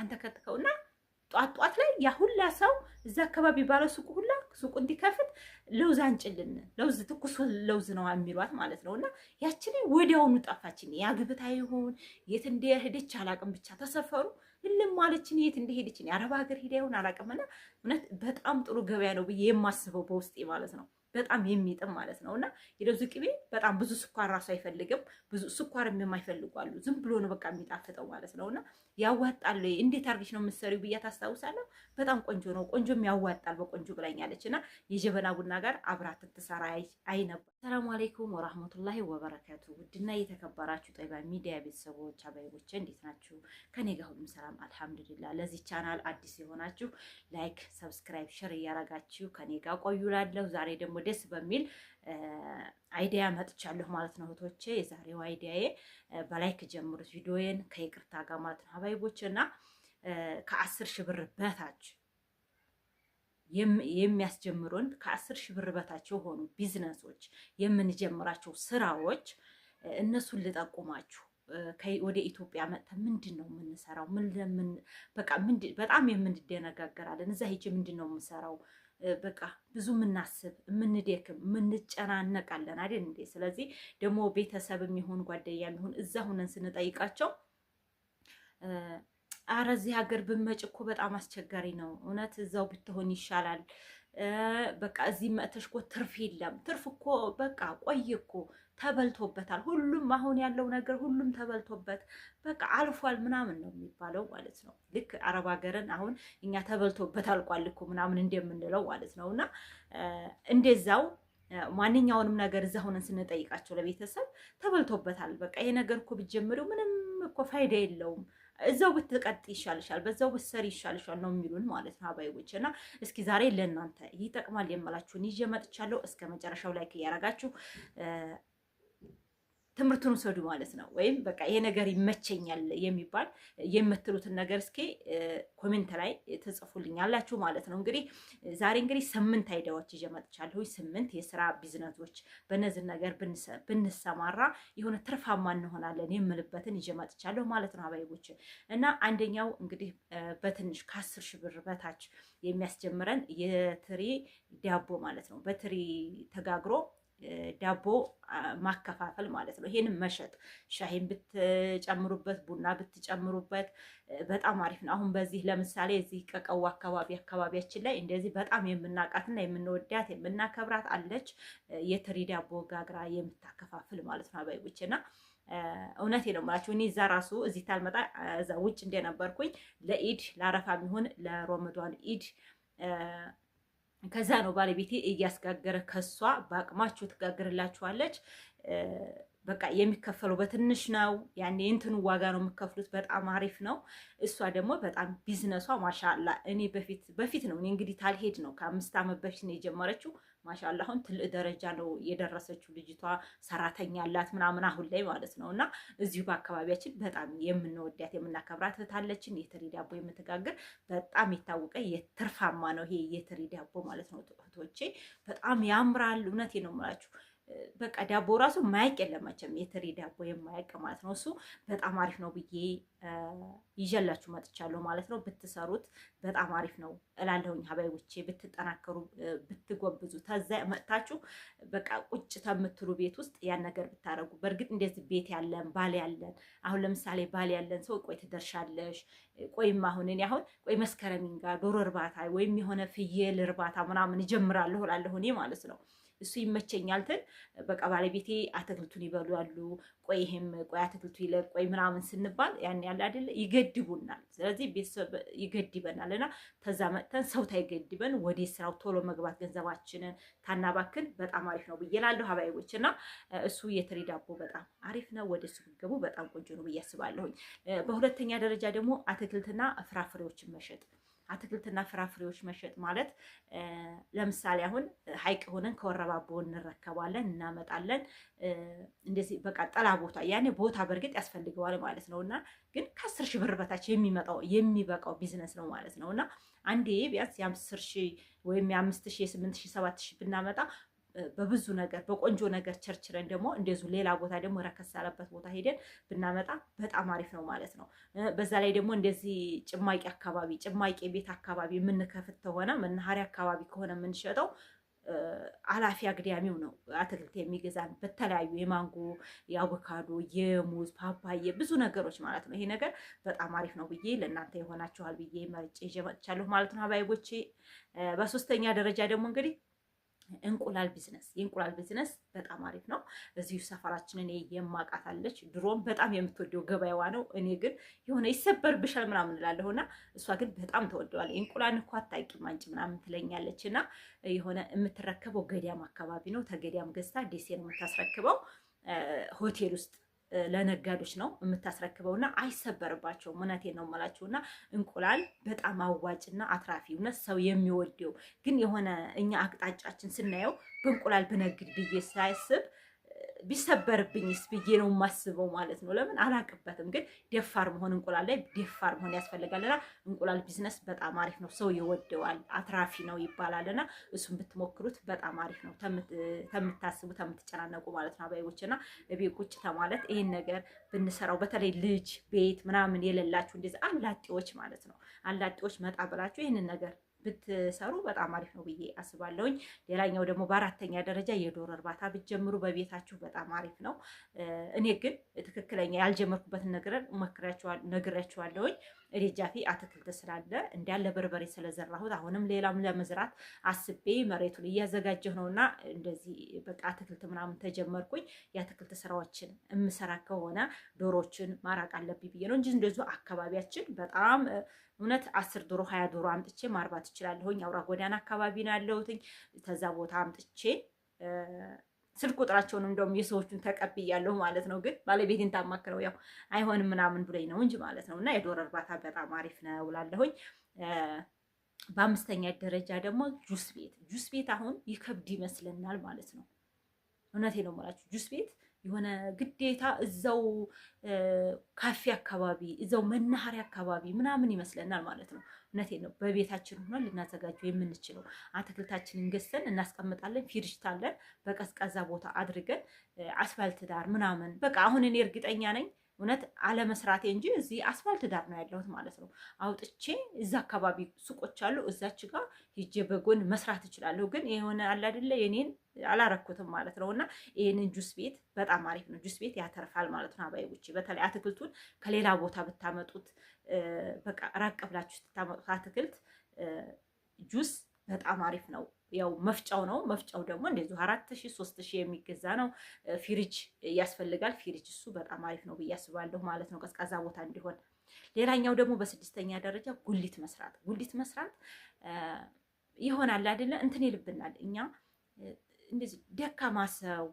አንተከትከው እና ጧት ጧት ላይ ያ ሁላ ሰው እዛ አካባቢ ባለ ሱቁ ሁላ ሱቁ እንዲከፍት ለውዝ አንጭልን ለውዝ ትኩስ ለውዝ ነው የሚሏት ማለት ነው። እና ያችን ወዲያውኑ ጠፋችን። ያግብታ ይሆን የት እንደሄደች አላቅም፣ ብቻ ተሰፈሩ እልም ማለችን የት እንደሄደች አረብ ሀገር ሄዳ ይሆን አላቅምና፣ እውነት በጣም ጥሩ ገበያ ነው ብዬ የማስበው በውስጤ ማለት ነው። በጣም የሚጥም ማለት ነው። እና የለውዝ ቅቤ በጣም ብዙ ስኳር ራሱ አይፈልግም። ብዙ ስኳር የማይፈልጉ አሉ። ዝም ብሎ ነው በቃ የሚጣፍጠው ማለት ነው። እና ያዋጣል። እንዴት አርገሽ ነው የምትሰሪው ብያ ታስታውሳለሁ። በጣም ቆንጆ ነው። ቆንጆም ያዋጣል በቆንጆ ብላኛለች። እና የጀበና ቡና ጋር አብራትን ትሰራ አይ ሰላሙ አሌይኩም ወራህመቱላሂ ወበረከቱ። ውድና እየተከበራችሁ ጠይባ ሚዲያ ቤተሰቦች አባይቦቼ እንዴት ናችሁ? ከኔ ጋር ሁሉም ሰላም አልሐምዱሊላ። ለዚህ ቻናል አዲስ የሆናችሁ ላይክ፣ ሰብስክራይብ፣ ሸር እያረጋችሁ ከኔ ጋር ቆዩ ላለሁ ዛሬ ደግሞ ደስ በሚል አይዲያ መጥቻለሁ ማለት ነው እህቶቼ። የዛሬው አይዲያዬ በላይክ ጀምሩት ቪዲዮዬን ከይቅርታ ጋር ማለት ነው አባይቦች እና ከአስር ሺህ ብር በታች የሚያስጀምሩን ከአስር ሺህ ብር በታች የሆኑ ቢዝነሶች የምንጀምራቸው ስራዎች እነሱን ልጠቁማችሁ ወደ ኢትዮጵያ መጥተን ምንድን ነው የምንሰራው? በጣም የምንደነጋገራለን። እዛ ሄጄ ምንድን ነው የምሰራው? በቃ ብዙ የምናስብ የምንደክም የምንጨናነቃለን አይደል እንዴ? ስለዚህ ደግሞ ቤተሰብ የሚሆን ጓደኛ የሚሆን እዛ ሁነን ስንጠይቃቸው አረ እዚህ ሀገር ብመጭ እኮ በጣም አስቸጋሪ ነው። እውነት እዛው ብትሆን ይሻላል። በቃ እዚህ መጥተሽ እኮ ትርፍ የለም። ትርፍ እኮ በቃ ቆይ እኮ ተበልቶበታል። ሁሉም አሁን ያለው ነገር ሁሉም ተበልቶበት በቃ አልፏል ምናምን ነው የሚባለው ማለት ነው። ልክ አረብ ሀገርን አሁን እኛ ተበልቶበት አልቋል እኮ ምናምን እንደምንለው ማለት ነው። እና እንደዛው ማንኛውንም ነገር እዛ ሆነን ስንጠይቃቸው ለቤተሰብ ተበልቶበታል፣ በቃ ይሄ ነገር እኮ ብጀምሪው ምንም እኮ ፋይዳ የለውም እዛው ብትቀጥ ይሻልሻል፣ በዛው ብትሰሪ ይሻልሻል ነው የሚሉን ማለት ነው አባይቦች። እና እስኪ ዛሬ ለእናንተ ይጠቅማል የምላችሁን ይዤ መጥቻለሁ። እስከ መጨረሻው ላይክ እያረጋችሁ ትምህርቱን ውሰዱ ማለት ነው። ወይም በቃ ይሄ ነገር ይመቸኛል የሚባል የምትሉትን ነገር እስኪ ኮሜንት ላይ ትጽፉልኛላችሁ ማለት ነው። እንግዲህ ዛሬ እንግዲህ ስምንት አይዲያዎች ይዤ መጥቻለሁ። ስምንት የስራ ቢዝነሶች በነዚህ ነገር ብንሰማራ የሆነ ትርፋማ እንሆናለን የምልበትን ይዤ መጥቻለሁ ማለት ነው። አባይቦች እና አንደኛው እንግዲህ በትንሽ ከአስር ሺህ ብር በታች የሚያስጀምረን የትሪ ዳቦ ማለት ነው። በትሪ ተጋግሮ ዳቦ ማከፋፈል ማለት ነው። ይሄንም መሸጥ ሻሂን ብትጨምሩበት ቡና ብትጨምሩበት በጣም አሪፍ ነው። አሁን በዚህ ለምሳሌ እዚህ ቀቀው አካባቢ አካባቢያችን ላይ እንደዚህ በጣም የምናውቃትና የምንወዳት የምናከብራት አለች የትሪ ዳቦ ጋግራ የምታከፋፍል ማለት ነው። አባይቦች እና እውነቴ ነው የምላችሁ እኔ እዛ ራሱ እዚህ ታልመጣ እዛ ውጭ እንደነበርኩኝ ለኢድ ለአረፋ የሚሆን ለሮመዷን ኢድ ከዛ ነው ባለቤቴ እያስጋገረ ከሷ በአቅማችሁ ትጋግርላችኋለች። በቃ የሚከፈለው በትንሽ ነው። ያኔ የእንትኑ ዋጋ ነው የምከፍሉት። በጣም አሪፍ ነው። እሷ ደግሞ በጣም ቢዝነሷ ማሻላ። እኔ በፊት በፊት ነው እኔ እንግዲህ ታልሄድ ነው ከአምስት ዓመት በፊት ነው የጀመረችው ማሻላ አሁን ትልቅ ደረጃ ነው የደረሰችው ልጅቷ። ሰራተኛ አላት ምናምን አሁን ላይ ማለት ነው። እና እዚሁ በአካባቢያችን በጣም የምንወዳት የምናከብራት እህታለችን የትሪ ዳቦ የምትጋግር በጣም የታወቀ የትርፋማ ነው ይሄ የትሪ ዳቦ ማለት ነው። እህቶቼ በጣም ያምራል። እውነቴ ነው የምላችሁ በቃ ዳቦ ራሱ ማያቅ የለም መቼም የትሪ ዳቦ የማያቅ ማለት ነው። እሱ በጣም አሪፍ ነው ብዬ ይዤላችሁ መጥቻለሁ ማለት ነው። ብትሰሩት በጣም አሪፍ ነው እላለሁኝ። ሀበይዎቼ ብትጠናከሩ፣ ብትጎብዙ፣ ተዛ መጥታችሁ በቃ ቁጭ ተምትሉ ቤት ውስጥ ያን ነገር ብታደረጉ። በእርግጥ እንደዚህ ቤት ያለን ባል ያለን አሁን ለምሳሌ ባል ያለን ሰው ቆይ ትደርሻለሽ፣ ቆይም አሁን እኔ አሁን ቆይ መስከረሚን ጋር ዶሮ እርባታ ወይም የሆነ ፍየል እርባታ ምናምን እጀምራለሁ እላለሁ እኔ ማለት ነው እሱ ይመቸኛል ትል በቃ ባለቤቴ አትክልቱን ይበላሉ። ቆይ ይሄም ቆይ አትክልቱ ይለ ቆይ ምናምን ስንባል ያን ያለ አይደለ ይገድቡናል። ስለዚህ ቤተሰብ ይገድበናል እና ተዛ መጥተን ሰው ታይገድበን ወደ ስራው ቶሎ መግባት ገንዘባችንን ታናባክን በጣም አሪፍ ነው ብዬ እላለሁ። ሀባይቦች እና እሱ የትሪ ዳቦ በጣም አሪፍ ነው። ወደ እሱ ብትገቡ በጣም ቆንጆ ነው ብዬ አስባለሁኝ። በሁለተኛ ደረጃ ደግሞ አትክልትና ፍራፍሬዎችን መሸጥ አትክልትና ፍራፍሬዎች መሸጥ ማለት ለምሳሌ አሁን ሀይቅ ሆነን ከወረባቦ እንረከባለን፣ እናመጣለን። እንደዚህ በቃ ጠላ ቦታ ያኔ ቦታ በእርግጥ ያስፈልገዋል ማለት ነው እና ግን ከአስር ሺህ ብር በታች የሚመጣው የሚበቃው ቢዝነስ ነው ማለት ነው እና አንዴ ቢያንስ የአስር ሺህ ወይም የአምስት ሺህ የስምንት ሺህ ሰባት ሺህ ብናመጣ በብዙ ነገር በቆንጆ ነገር ቸርችረን ደግሞ እንደዙ ሌላ ቦታ ደግሞ ረከስ ያለበት ቦታ ሄደን ብናመጣ በጣም አሪፍ ነው ማለት ነው። በዛ ላይ ደግሞ እንደዚህ ጭማቂ አካባቢ ጭማቂ ቤት አካባቢ የምንከፍት ከሆነ መናኸሪያ አካባቢ ከሆነ የምንሸጠው አላፊ አግዳሚው ነው አትክልት የሚገዛን በተለያዩ የማንጎ፣ የአቮካዶ፣ የሙዝ፣ ፓፓዬ ብዙ ነገሮች ማለት ነው። ይሄ ነገር በጣም አሪፍ ነው ብዬ ለእናንተ ይሆናችኋል ብዬ መርጬ ይዤ መጥቻለሁ ማለት ነው አባይቦቼ። በሶስተኛ ደረጃ ደግሞ እንግዲህ እንቁላል ቢዝነስ የእንቁላል ቢዝነስ በጣም አሪፍ ነው። እዚሁ ሰፈራችን እኔ የማቃታለች ድሮም በጣም የምትወደው ገበያዋ ነው። እኔ ግን የሆነ ይሰበርብሻል ምናምን እላለሁ እና እሷ ግን በጣም ተወደዋል። እንቁላል እኮ አታውቂም አንቺ ምናምን ትለኛለች እና የሆነ የምትረከበው ገዳም አካባቢ ነው። ተገዳም ገዝታ ደሴ ነው የምታስረክበው ሆቴል ውስጥ ለነጋዶች ነው የምታስረክበውና አይሰበርባቸውም። እውነቴን ነው የምላችሁና እንቁላል በጣም አዋጭና አትራፊ እውነት ሰው የሚወደው ግን የሆነ እኛ አቅጣጫችን ስናየው በእንቁላል ብነግድ ብዬ ሳያስብ ቢሰበርብኝስ ብዬ ነው የማስበው ማለት ነው። ለምን አላቅበትም፣ ግን ደፋር መሆን እንቁላል ላይ ደፋር መሆን ያስፈልጋልና እንቁላል ቢዝነስ በጣም አሪፍ ነው። ሰው ይወደዋል፣ አትራፊ ነው ይባላልና እሱን ብትሞክሩት በጣም አሪፍ ነው። ከምታስቡ ከምትጨናነቁ ማለት ነው አባይቦች ቤት ቁጭ ተማለት ይህን ነገር ብንሰራው በተለይ ልጅ ቤት ምናምን የሌላችሁ እንደዚህ አላጤዎች ማለት ነው አላጤዎች መጣ ብላችሁ ይህንን ነገር ብትሰሩ በጣም አሪፍ ነው ብዬ አስባለሁኝ። ሌላኛው ደግሞ በአራተኛ ደረጃ የዶሮ እርባታ ብትጀምሩ በቤታችሁ በጣም አሪፍ ነው። እኔ ግን ትክክለኛ ያልጀመርኩበትን ነገር ነግራችኋለሁኝ። ጃፊ አትክልት ስላለ እንዳለ በርበሬ ስለዘራሁት አሁንም ሌላም ለመዝራት አስቤ መሬቱን እያዘጋጀሁ ነው እና እንደዚህ በቃ አትክልት ምናምን ተጀመርኩኝ። የአትክልት ስራዎችን የምሰራ ከሆነ ዶሮችን ማራቅ አለብኝ ብዬ ነው እንጂ እንደዙ አካባቢያችን በጣም እውነት አስር ዶሮ ሀያ ዶሮ አምጥቼ ማርባት እችላለሁኝ። አውራ ጎዳና አካባቢ ነው ያለሁትኝ። ተዛ ቦታ አምጥቼ ስልክ ቁጥራቸውን እንደውም የሰዎቹን ተቀብያለሁ ማለት ነው። ግን ባለቤቴን ታማክረው ያው አይሆንም ምናምን ብሎኝ ነው እንጂ ማለት ነው። እና የዶሮ እርባታ በጣም አሪፍ ነው ላለሁኝ። በአምስተኛ ደረጃ ደግሞ ጁስ ቤት ጁስ ቤት አሁን ይከብድ ይመስለናል ማለት ነው። እውነቴ ነው የምላችሁ ጁስ ቤት የሆነ ግዴታ እዛው ካፌ አካባቢ እዛው መናኸሪያ አካባቢ ምናምን ይመስለናል ማለት ነው። እውነቴን ነው። በቤታችን ሆኖ ልናዘጋጀው የምንችለው አትክልታችንን ገዝተን እናስቀምጣለን። ፊርሽታለን አለን፣ በቀዝቃዛ ቦታ አድርገን አስፋልት ዳር ምናምን በቃ አሁን እኔ እርግጠኛ ነኝ እውነት አለመስራቴ እንጂ እዚህ አስፋልት ዳር ነው ያለሁት ማለት ነው። አውጥቼ እዛ አካባቢ ሱቆች አሉ፣ እዛች ጋ ሂጄ በጎን መስራት እችላለሁ። ግን የሆነ አለ አይደለ የኔን አላረኩትም ማለት ነው። እና ይህንን ጁስ ቤት በጣም አሪፍ ነው። ጁስ ቤት ያተርፋል ማለት ነው። አባይቦች በተለይ አትክልቱን ከሌላ ቦታ ብታመጡት፣ በቃ ራቅ ብላችሁ ብታመጡት አትክልት ጁስ በጣም አሪፍ ነው። ያው መፍጫው ነው። መፍጫው ደግሞ እንደዚሁ አራት ሺ ሶስት ሺ የሚገዛ ነው። ፊሪጅ ያስፈልጋል። ፊሪጅ እሱ በጣም አሪፍ ነው ብዬ አስባለሁ ማለት ነው፣ ቀዝቃዛ ቦታ እንዲሆን። ሌላኛው ደግሞ በስድስተኛ ደረጃ ጉሊት መስራት። ጉሊት መስራት ይሆናል አይደለ? እንትን ይልብናል እኛ እንደዚህ ደካማ ሰው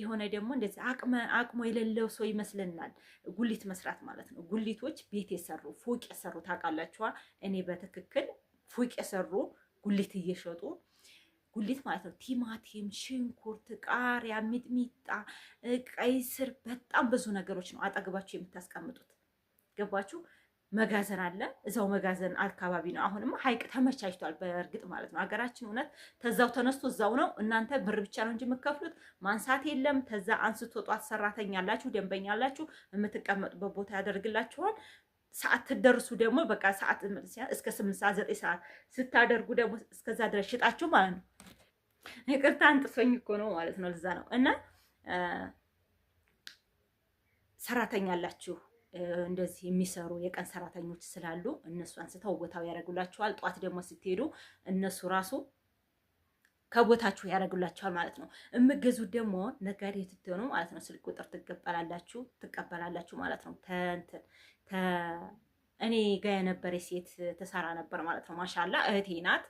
የሆነ ደግሞ እንደዚህ አቅመ አቅሞ የሌለው ሰው ይመስለናል። ጉሊት መስራት ማለት ነው። ጉሊቶች ቤት የሰሩ ፎቅ የሰሩ ታውቃላችኋ። እኔ በትክክል ፎቅ የሰሩ ጉሊት እየሸጡ ጉሊት ማለት ነው። ቲማቲም፣ ሽንኩርት፣ ቃሪያ፣ ሚጥሚጣ፣ ቀይ ስር በጣም ብዙ ነገሮች ነው አጠገባችሁ የምታስቀምጡት። ገባችሁ? መጋዘን አለ እዛው መጋዘን አካባቢ ነው። አሁንማ ሀይቅ ተመቻችቷል በእርግጥ ማለት ነው። ሀገራችን እውነት ተዛው ተነስቶ እዛው ነው። እናንተ ብር ብቻ ነው እንጂ የምከፍሉት ማንሳት የለም። ተዛ አንስቶ ጧት ሰራተኛ አላችሁ፣ ደንበኛ አላችሁ፣ የምትቀመጡበት ቦታ ያደርግላችኋል። ሰዓት ትደርሱ ደግሞ በቃ ሰዓት እስከ ስምንት ሰዓት ዘጠኝ ሰዓት ስታደርጉ ደግሞ እስከዛ ድረስ ሽጣችሁ ማለት ነው። ይቅርታ አንጥሶኝ እኮ ነው ማለት ነው። ለዛ ነው እና ሰራተኛ አላችሁ እንደዚህ የሚሰሩ የቀን ሰራተኞች ስላሉ እነሱ አንስተው ቦታው ያደርጉላችኋል። ጠዋት ደግሞ ስትሄዱ እነሱ ራሱ ከቦታችሁ ያደርጉላችኋል ማለት ነው። የምገዙት ደግሞ ነጋዴ ስትሆኑ ማለት ነው ስልክ ቁጥር ትቀበላላችሁ ትቀበላላችሁ ማለት ነው ተንትን እኔ ጋ የነበረች ሴት ትሰራ ነበር ማለት ነው። ማሻላ እህቴ ናት።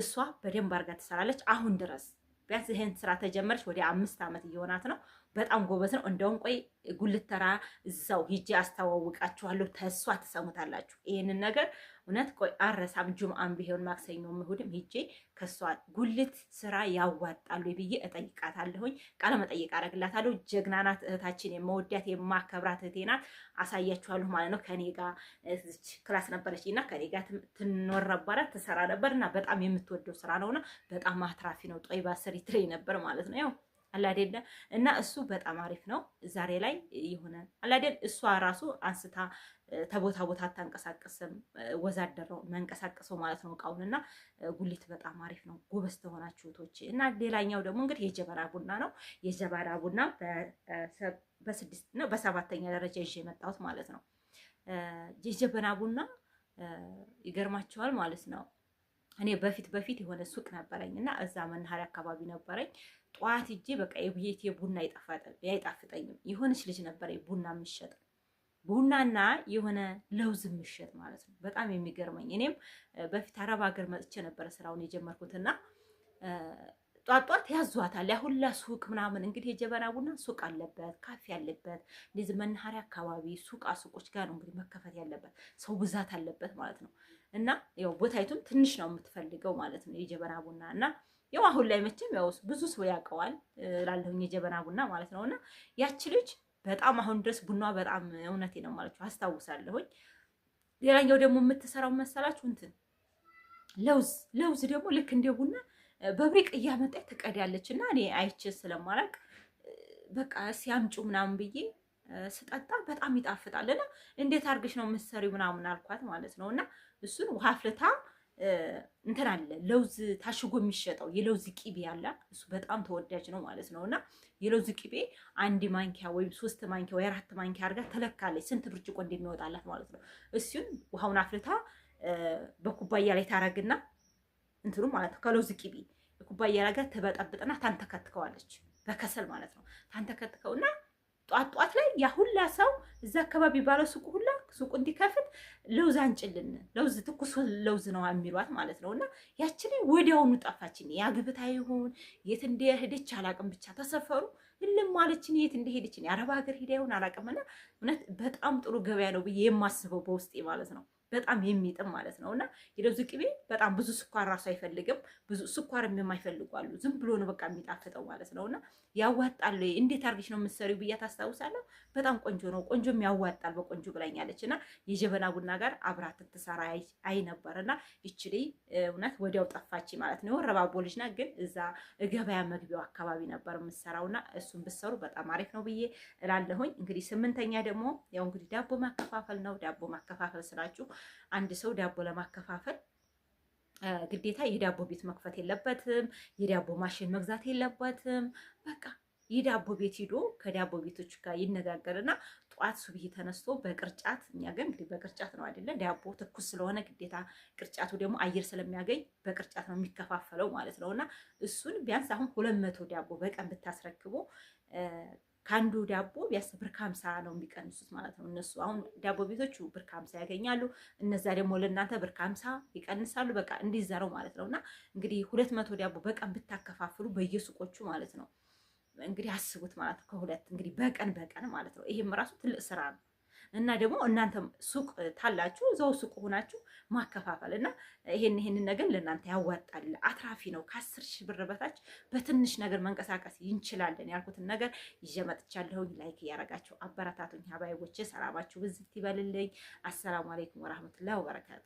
እሷ በደንብ አርጋ ትሰራለች። አሁን ድረስ ቢያንስ ይህን ስራ ተጀመረች ወደ አምስት ዓመት እየሆናት ነው። በጣም ጎበዝ ነው። እንደውም ቆይ ጉልተራ እዛው ሂጄ አስተዋውቃችኋለሁ። ተሷ ትሰሙታላችሁ ይህንን ነገር እውነት ቆይ አረሳም። ጁምአን ቢሆን ማክሰኞም እሑድም ሂጄ ከሷ ጉልት ስራ ያዋጣሉ ብዬ እጠይቃታለሁኝ። ቃለ መጠየቅ አደርግላታለሁ። ጀግና ናት እህታችን፣ የመወዳት የማከብራት እህቴ ናት። አሳያችኋለሁ ማለት ነው። ከኔ ጋር ክላስ ነበረች እና ከኔ ጋር ትኖር ነበረ ትሰራ ነበር እና በጣም የምትወደው ስራ ነውና በጣም አትራፊ ነው። ጦይ ባስሪ ትለኝ ነበር ማለት ነው ያው አላደለ እና እሱ በጣም አሪፍ ነው። ዛሬ ላይ የሆነ አላደል እሷ ራሱ አንስታ ተቦታ ቦታ አታንቀሳቀስም። ወዛደረው መንቀሳቀሰው ማለት ነው እቃውን እና ጉሊት በጣም አሪፍ ነው። ጎበዝ ተሆናችሁ እህቶች እና ሌላኛው ደግሞ እንግዲህ የጀበና ቡና ነው። የጀበራ ቡና በስድስት ነው በሰባተኛ ደረጃ ይዤ የመጣሁት ማለት ነው። የጀበና ቡና ይገርማቸዋል ማለት ነው። እኔ በፊት በፊት የሆነ ሱቅ ነበረኝ እና እዛ መናኸሪያ አካባቢ ነበረኝ ጠዋት እጄ በቃ የቤት የቡና አይጣፍጠኝም። የሆነች ልጅ ነበር ቡና የምሸጥ ቡናና የሆነ ለውዝ የምሸጥ ማለት ነው። በጣም የሚገርመኝ እኔም በፊት አረብ ሀገር መጥቼ ነበረ ስራውን የጀመርኩትና ጧጧት ያዟታል ያሁላ ሱቅ ምናምን እንግዲህ የጀበና ቡና ሱቅ አለበት፣ ካፌ አለበት፣ እንደዚህ መናኸሪያ አካባቢ ሱቃ ሱቆች ጋር ነው እንግዲህ መከፈት ያለበት ሰው ብዛት አለበት ማለት ነው። እና ያው ቦታይቱም ትንሽ ነው የምትፈልገው ማለት ነው የጀበና ቡና እና ያው አሁን ላይ መቼም ያው ብዙ ሰው ያውቀዋል ላለሁኝ የጀበና ቡና ማለት ነውና ያቺ ልጅ በጣም አሁን ድረስ ቡና በጣም እውነቴ ነው ማለት ነው አስታውሳለሁኝ። ሌላኛው ደግሞ የምትሰራው መሰላችሁ እንትን ለውዝ ለውዝ ደግሞ ልክ እንደ ቡና በብሪቅ እያመጣች ትቀዳለች። እና እኔ አይቼ ስለማላቅ በቃ ሲያምጩ ምናምን ብዬ ስጠጣ በጣም ይጣፍጣልና እንዴት አድርገሽ ነው የምትሰሪው ምናምን አልኳት ማለት ነው እና እሱን ውሃ ፍልታ እንትን አለ ለውዝ ታሽጎ የሚሸጠው የለውዝ ቂቤ አለ። እሱ በጣም ተወዳጅ ነው ማለት ነው። እና የለውዝ ቂቤ አንድ ማንኪያ ወይም ሶስት ማንኪያ ወይ አራት ማንኪያ አድርጋ ተለካለች፣ ስንት ብርጭቆ እንደሚወጣላት ማለት ነው። እሱን ውሃውን አፍልታ በኩባያ ላይ ታረግና እንትኑ ማለት ነው ከለውዝ ቂቤ ላይ ጋር ትበጠብጥና ታንተከትከዋለች፣ በከሰል ማለት ነው። ታንተከትከውና ጧት ጧት ላይ ያ ሁላ ሰው እዛ አካባቢ ባለ ሱቁ ሁላ ሱቁ እንዲከፍት ለውዝ አንጭልን፣ ለውዝ ትኩስ ለውዝ ነው የሚሏት ማለት ነው። እና ያችን ወዲያውኑ ጠፋችን። ያግብታ ይሁን የት እንደሄደች አላቅም፣ ብቻ ተሰፈሩ እልም ማለችን የት እንደሄደችን የአረብ ሀገር ሄዳ ይሁን አላቅምና፣ እውነት በጣም ጥሩ ገበያ ነው ብዬ የማስበው በውስጤ ማለት ነው። በጣም የሚጥም ማለት ነው እና የለውዝ ቅቤ በጣም ብዙ ስኳር ራሱ አይፈልግም። ብዙ ስኳር የማይፈልጉ አሉ። ዝም ብሎ ነው በቃ የሚጣፍጠው ማለት ነው እና ያዋጣል እንዴት አርግሽ ነው የምትሰሪው ብያ ታስታውሳለሁ። በጣም ቆንጆ ነው፣ ቆንጆም ያዋጣል በቆንጆ ብላኛለች። እና የጀበና ቡና ጋር አብራት ትሰራ አይ ነበር እና ይችል እውነት ወዲያው ጠፋች ማለት ነው። ወረባቦ ልጅ ናት፣ ግን እዛ ገበያ መግቢያው አካባቢ ነበር የምትሰራው እና እሱን ብትሰሩ በጣም አሪፍ ነው ብዬ እላለሁኝ። እንግዲህ ስምንተኛ ደግሞ ያው እንግዲህ ዳቦ ማከፋፈል ነው። ዳቦ ማከፋፈል ስላችሁ አንድ ሰው ዳቦ ለማከፋፈል ግዴታ የዳቦ ቤት መክፈት የለበትም። የዳቦ ማሽን መግዛት የለበትም። በቃ የዳቦ ቤት ሂዶ ከዳቦ ቤቶች ጋር ይነጋገርና ጠዋት ሱብሂ ተነስቶ በቅርጫት እኛ ግን እንግዲህ በቅርጫት ነው አይደለ? ዳቦ ትኩስ ስለሆነ ግዴታ ቅርጫቱ ደግሞ አየር ስለሚያገኝ በቅርጫት ነው የሚከፋፈለው ማለት ነው። እና እሱን ቢያንስ አሁን ሁለት መቶ ዳቦ በቀን ብታስረክቦ ከአንዱ ዳቦ ቢያስ ብር ከሀምሳ ነው የሚቀንሱት ማለት ነው። እነሱ አሁን ዳቦ ቤቶቹ ብር ከሀምሳ ያገኛሉ። እነዛ ደግሞ ለእናንተ ብር ከሀምሳ ይቀንሳሉ። በቃ እንዲዘረው ማለት ነው። እና እንግዲህ ሁለት መቶ ዳቦ በቀን ብታከፋፍሉ በየሱቆቹ ማለት ነው እንግዲህ አስቡት ማለት ነው። ከሁለት እንግዲህ በቀን በቀን ማለት ነው። ይሄም ራሱ ትልቅ ስራ ነው። እና ደግሞ እናንተ ሱቅ ታላችሁ እዛው ሱቅ ሆናችሁ ማከፋፈል እና ይሄን ይሄን ነገር ለእናንተ ያዋጣል፣ አትራፊ ነው። ከአስር ሺህ ብር በታች በትንሽ ነገር መንቀሳቀስ ይንችላለን ያልኩትን ነገር ይዤ መጥቻለሁኝ። ላይክ እያረጋችሁ አበረታቱኝ። ሀባይቦቼ ሰላማችሁ ብዝት ይበልልኝ። አሰላሙ አለይኩም ወራህመቱላሂ ወበረካቱ።